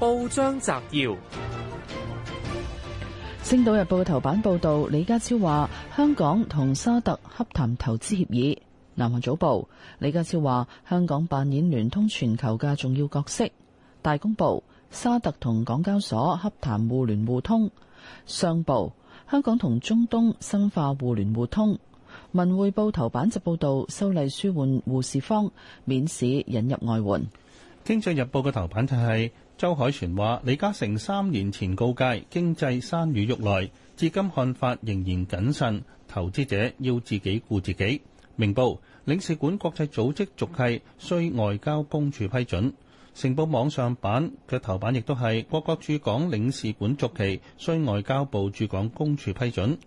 報章摘要：星島日報頭版報道，李家超話香港同沙特洽談投資協議。南華早報，李家超話香港扮演聯通全球嘅重要角色。大公報，沙特同港交所洽談互聯互通。商報，香港同中東深化互聯互通。文匯報頭版就報道修例舒緩護士荒，免試引入外援。經濟日報嘅頭版就係周凱旋話李嘉誠三年前告誡經濟山雨欲來，至今看法仍然謹慎，投資者要自己顧自己。明報，領事館國際組織續契需外交公署批准。成報網上版嘅頭版亦都係各國駐港領事館續期需外交部駐港公署批准。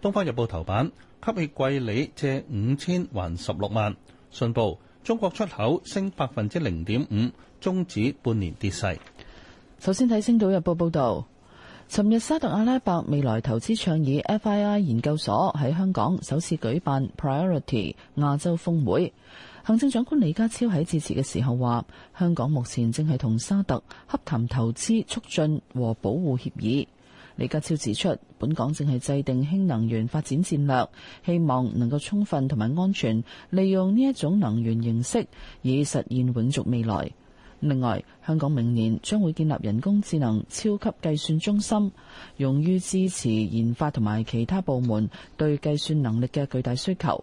東方日報，頭版吸血貴利借五千還十六萬。信報。中國出口升百分之零點五，終止半年跌勢。首先睇《星島日報》報道，尋日沙特阿拉伯未來投資倡議 FII 研究所喺香港首次舉辦 Priority 亞洲峰會。行政長官李家超喺致辭嘅時候話，香港目前正係同沙特洽談投資促進和保護協議。李家超指出，本港正係制定氫能源發展戰略，希望能夠充分同埋安全利用呢一種能源形式，以實現永續未來。另外，香港明年將會建立人工智能超級計算中心，用於支持研發同埋其他部門對計算能力嘅巨大需求。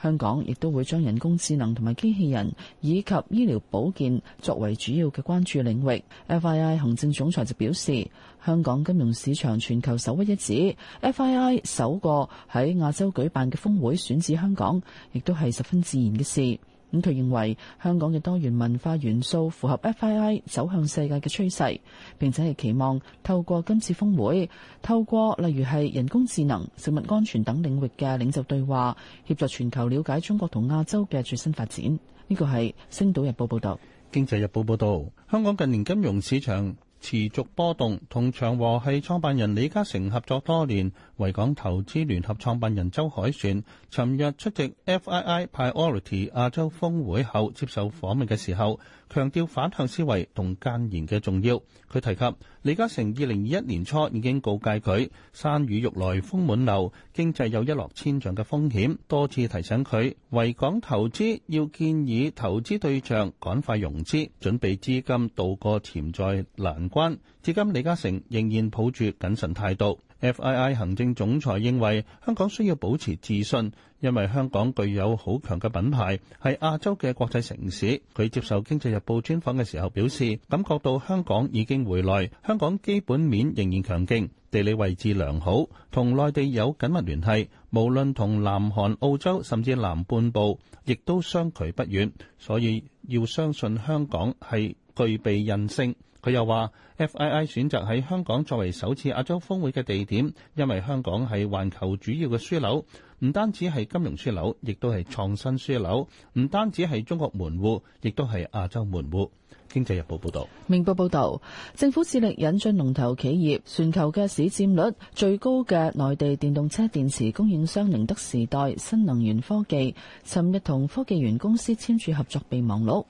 香港亦都會將人工智能同埋機器人以及醫療保健作為主要嘅關注領域。FII 行政總裁就表示，香港金融市場全球首屈一指。FII 首個喺亞洲舉辦嘅峰會選址香港，亦都係十分自然嘅事。咁佢認為香港嘅多元文化元素符合 FII 走向世界嘅趨勢，並且係期望透過今次峰會，透過例如係人工智能、食物安全等領域嘅領袖對話，協助全球了解中國同亞洲嘅最新發展。呢個係《星島日報》報導。《經濟日報》報導，香港近年金融市場持續波動，同長和系創辦人李嘉誠合作多年。維港投資聯合創辦人周凱旋尋日出席 FII Priority 亞洲峰會後接受訪問嘅時候，強調反向思維同間言嘅重要。佢提及李嘉誠二零二一年初已經告誡佢山雨欲來風滿樓，經濟有一落千丈嘅風險，多次提醒佢維港投資要建議投資對象趕快融資，準備資金渡過潛在難關。至今李嘉誠仍然抱住謹慎態度。FII 行政總裁認為香港需要保持自信，因為香港具有好強嘅品牌，係亞洲嘅國際城市。佢接受《經濟日報》專訪嘅時候表示，感覺到香港已經回來，香港基本面仍然強勁，地理位置良好，同內地有緊密聯繫，無論同南韓、澳洲甚至南半部，亦都相距不遠，所以要相信香港係具備韌性。佢又話：FII 選擇喺香港作為首次亞洲峰會嘅地點，因為香港係環球主要嘅樞紐，唔單止係金融樞紐，亦都係創新樞紐；唔單止係中國門戶，亦都係亞洲門戶。經濟日報報道：「明報報道，政府致力引進龍頭企業，全球嘅市佔率最高嘅內地電動車電池供應商寧德時代新能源科技，尋日同科技園公司簽署合作備忘錄。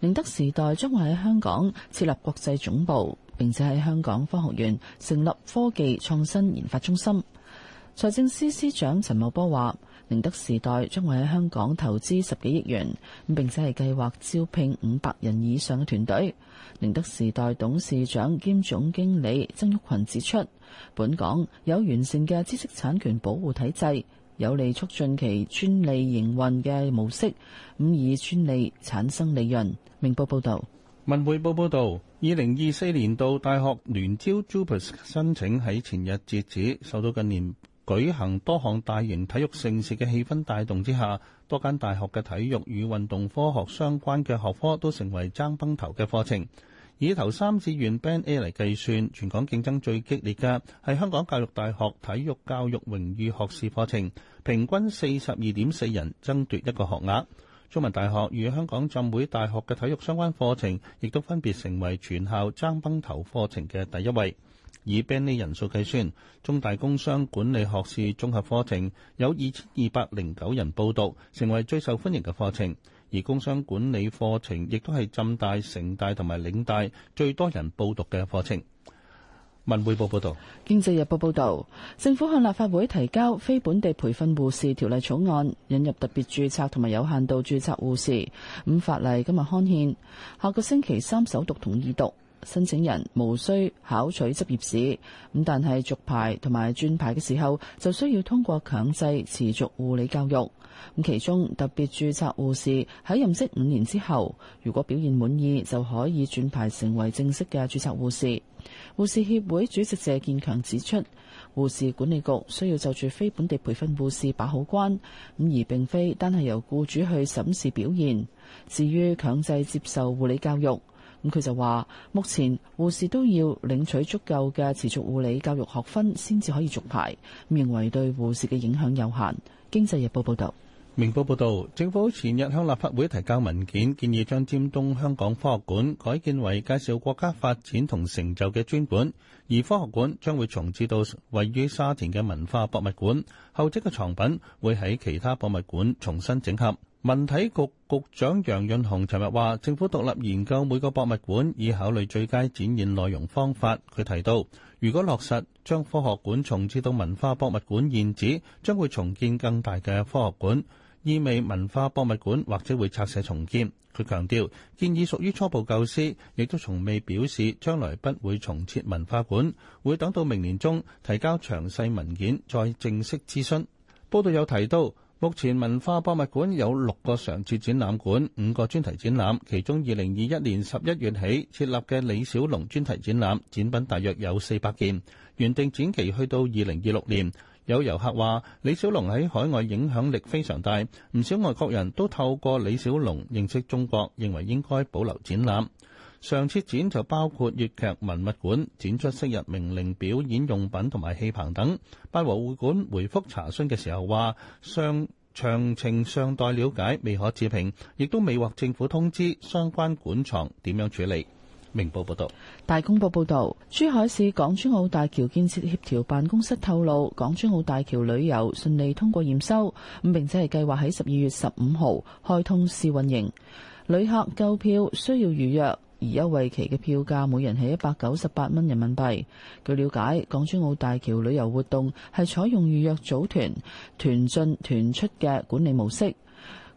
寧德時代將會喺香港設立國際總部，並且喺香港科學院成立科技創新研發中心。財政司司長陳茂波話：寧德時代將會喺香港投資十幾億元，並且係計劃招聘五百人以上嘅團隊。寧德時代董事長兼總經理曾毓群指出，本港有完善嘅知識產權保護體制。有利促進其專利營運嘅模式，咁以專利產生利潤。明報報道：文匯報報道，二零二四年度大學聯招 JUPAS 申請喺前日截止。受到近年舉行多項大型體育盛事嘅氣氛帶動之下，多間大學嘅體育與運動科學相關嘅學科都成為爭崩頭嘅課程。以頭三志願 Band A 嚟計算，全港競爭最激烈嘅係香港教育大學體育教育榮譽學士課程，平均四十二點四人爭奪一個學額，中文大學與香港浸會大學嘅體育相關課程，亦都分別成為全校爭崩頭課程嘅第一位。以 Band A 人數計算，中大工商管理學士綜合課程有二千二百零九人報讀，成為最受歡迎嘅課程。而工商管理課程亦都係浸大、城大同埋嶺大最多人報讀嘅課程。文匯報報道。《經濟日報》報道，政府向立法會提交非本地培訓護士條例草案，引入特別註冊同埋有限度註冊護士。咁法例今日刊憲，下個星期三首讀同二讀。申請人無需考取執業試，咁但係續牌同埋轉牌嘅時候就需要通過強制持續護理教育。咁其中特別註冊護士喺任職五年之後，如果表現滿意就可以轉牌成為正式嘅註冊護士。護士協會主席謝建強指出，護士管理局需要就住非本地培訓護士把好關，咁而並非單係由僱主去審視表現。至於強制接受護理教育。咁佢就話：目前護士都要領取足夠嘅持續護理教育學分先至可以續牌，認為對護士嘅影響有限。經濟日報報道：「明報報道，政府前日向立法會提交文件，建議將尖東香港科學館改建為介紹國家發展同成就嘅專館，而科學館將會重置到位於沙田嘅文化博物館，後者嘅藏品會喺其他博物館重新整合。文體局局長楊潤雄尋日話，政府獨立研究每個博物館，以考慮最佳展現內容方法。佢提到，如果落實將科學館重置到文化博物館現址，將會重建更大嘅科學館，意味文化博物館或者會拆卸重建。佢強調，建議屬於初步構思，亦都從未表示將來不會重設文化館，會等到明年中提交詳細文件再正式諮詢。報道有提到。目前文化博物館有六個常設展覽館、五個專題展覽，其中二零二一年十一月起設立嘅李小龍專題展覽，展品大約有四百件，原定展期去到二零二六年。有遊客話：李小龍喺海外影響力非常大，唔少外國人都透過李小龍認識中國，認為應該保留展覽。上次展就包括粵劇文物館，展出昔日名伶表演用品同埋戲棚等。八和會館回覆查詢嘅時候話尚詳情尚待了解，未可置評，亦都未獲政府通知相關館藏點樣處理。明報報道。大公報報道，珠海市港珠澳大橋建設協調辦公室透露，港珠澳大橋旅遊順利通過驗收，咁並且係計劃喺十二月十五號開通試運營，旅客購票需要預約。而優惠期嘅票價每人係一百九十八蚊人民幣。據了解，港珠澳大橋旅遊活動係採用預約組團、團進團出嘅管理模式。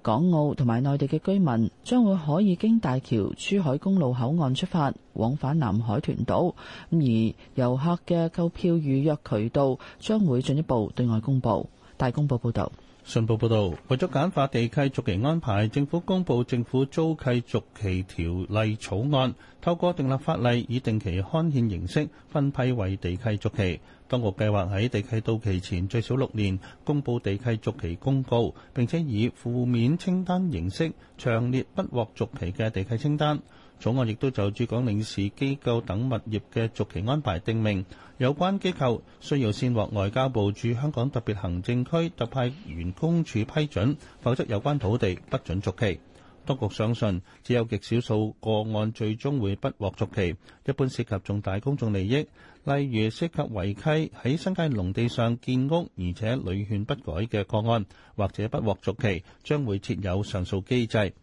港澳同埋內地嘅居民將會可以經大橋珠海公路口岸出發，往返南海羣島。咁而遊客嘅購票預約渠道將會進一步對外公佈。大公報報道。信報報導，為咗簡化地契續期安排，政府公布《政府租契續期條例草案》，透過訂立法例，以定期刊憲形式分批為地契續期。當局計劃喺地契到期前最少六年公佈地契續期公告，並且以負面清單形式長列不獲續期嘅地契清單。草案亦都就駐港領事機構等物業嘅續期安排定明，有關機構需要先獲外交部駐香港特別行政區特派員公署批准，否則有關土地不准續期。當局相信，只有極少數個案最終會不獲續期，一般涉及重大公眾利益，例如涉及違規喺新界農地上建屋，而且屢勸不改嘅個案，或者不獲續期，將會設有上訴機制。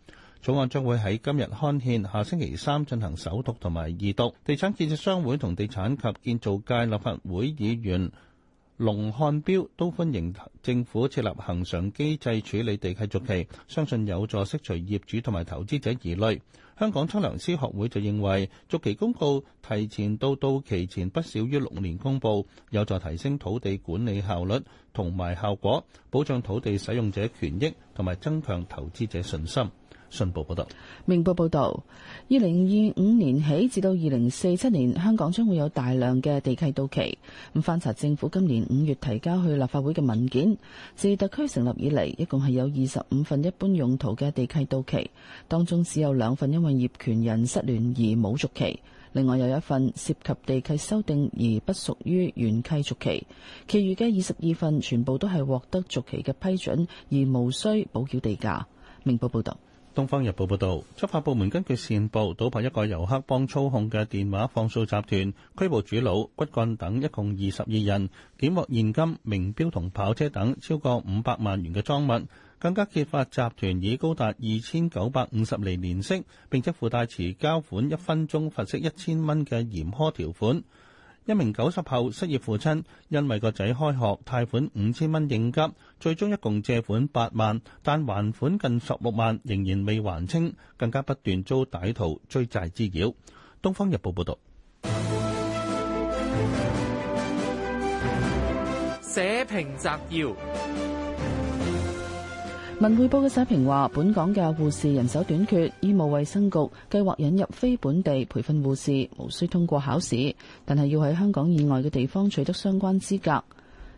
草案將會喺今日刊憲，下星期三進行首讀同埋二讀。地產建設商會同地產及建造界立法會議員龍漢標都歡迎政府設立恒常機制處理地契續期，相信有助釋除業主同埋投資者疑慮。香港測量師學會就認為，續期公告提前到到期前不少於六年公佈，有助提升土地管理效率同埋效果，保障土地使用者權益同埋增強投資者信心。信報報道，明報報道，二零二五年起至到二零四七年，香港將會有大量嘅地契到期。咁翻查政府今年五月提交去立法會嘅文件，自特區成立以嚟，一共係有二十五份一般用途嘅地契到期，當中只有兩份因為業權人失聯而冇續期，另外有一份涉及地契修訂而不屬於原契續期，其餘嘅二十二份全部都係獲得續期嘅批准，而無需補繳地價。明報報道。《東方日報》報道，執法部門根據線報，搗破一個遊客幫操控嘅電話放數集團，拘捕主腦、骨幹等一共二十二人，檢獲現金、名錶同跑車等超過五百萬元嘅贓物，更加揭發集團以高達二千九百五十厘年息，並且附帶遲交款一分鐘罰息一千蚊嘅嚴苛條款。一名九十後失業父親，因為個仔開學，貸款五千蚊應急，最終一共借款八萬，但還款近十六萬，仍然未還清，更加不斷遭歹徒追債滋擾。東方日報報道。社評摘要。文匯報嘅社評話，本港嘅護士人手短缺，醫務衛生局計劃引入非本地培訓護士，無需通過考試，但係要喺香港以外嘅地方取得相關資格。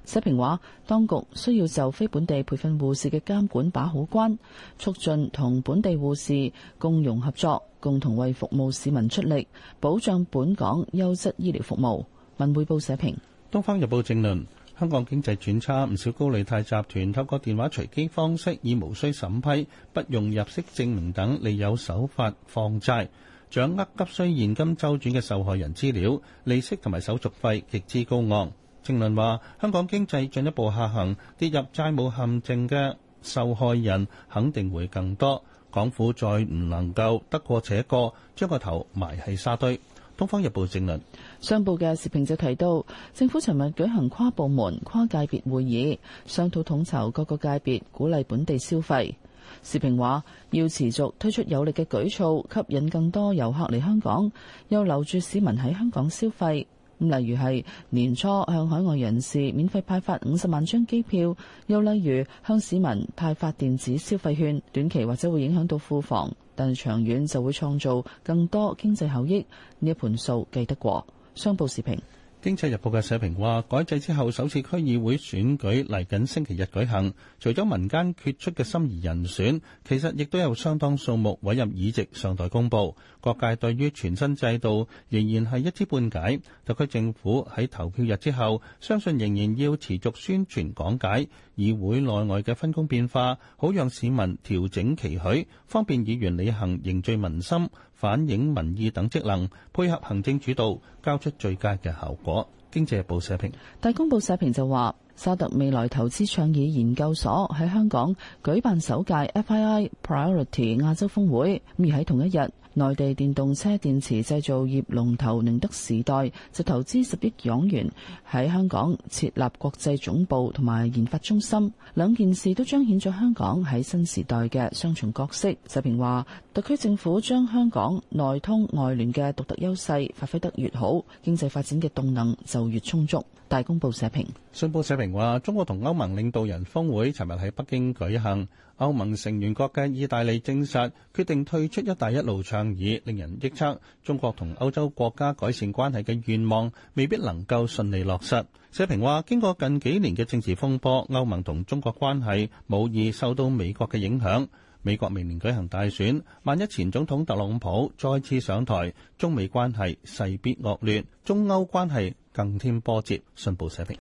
社評話，當局需要就非本地培訓護士嘅監管把好關，促進同本地護士共融合作，共同為服務市民出力，保障本港優質醫療服務。文匯報社評，東方日報正論。香港經濟轉差，唔少高利貸集團透過電話隨機方式，以無需審批、不用入息證明等利誘手法放債，掌握急需現金周轉嘅受害人資料，利息同埋手續費極之高昂。政論話：香港經濟進一步下行，跌入債務陷阱嘅受害人肯定會更多。港府再唔能夠得過且過，將個頭埋喺沙堆。《東方日報》政論上報嘅時評就提到，政府尋日舉行跨部門、跨界別會議，商討統籌各個界別，鼓勵本地消費。時評話，要持續推出有力嘅舉措，吸引更多遊客嚟香港，又留住市民喺香港消費。例如係年初向海外人士免費派發五十萬張機票，又例如向市民派發電子消費券，短期或者會影響到庫房。但係長遠就會創造更多經濟效益，呢一盤數計得過。商報視頻。《經濟日報》嘅社評話：改制之後首次區議會選舉嚟緊星期日舉行，除咗民間決出嘅心儀人選，其實亦都有相當數目委任議席尚待公佈。各界對於全新制度仍然係一知半解，特區政府喺投票日之後，相信仍然要持續宣傳講解，議會內外嘅分工變化，好讓市民調整期許，方便議員履行凝聚民心，反映民意等職能，配合行政主導，交出最佳嘅效果。經濟日報社評，大公報社評就話，沙特未來投資倡議研究所喺香港舉辦首屆 FII Priority 亞洲峰會，而喺同一日，內地電動車電池製造業龍頭寧德時代就投資十億港元喺香港設立國際總部同埋研發中心，兩件事都彰顯咗香港喺新時代嘅雙重角色。就平話，特區政府將香港內通外聯嘅獨特優勢發揮得越好，經濟發展嘅動能就越充足。大公報社評，信報社評話：中國同歐盟領導人峯會尋日喺北京舉行，歐盟成員國嘅意大利證實決定退出「一帶一路」倡議，令人臆測中國同歐洲國家改善關係嘅願望未必能夠順利落實。社評話：經過近幾年嘅政治風波，歐盟同中國關係無疑受到美國嘅影響。美國明年舉行大選，萬一前總統特朗普再次上台，中美關係勢必惡劣，中歐關係更添波折，信報社評。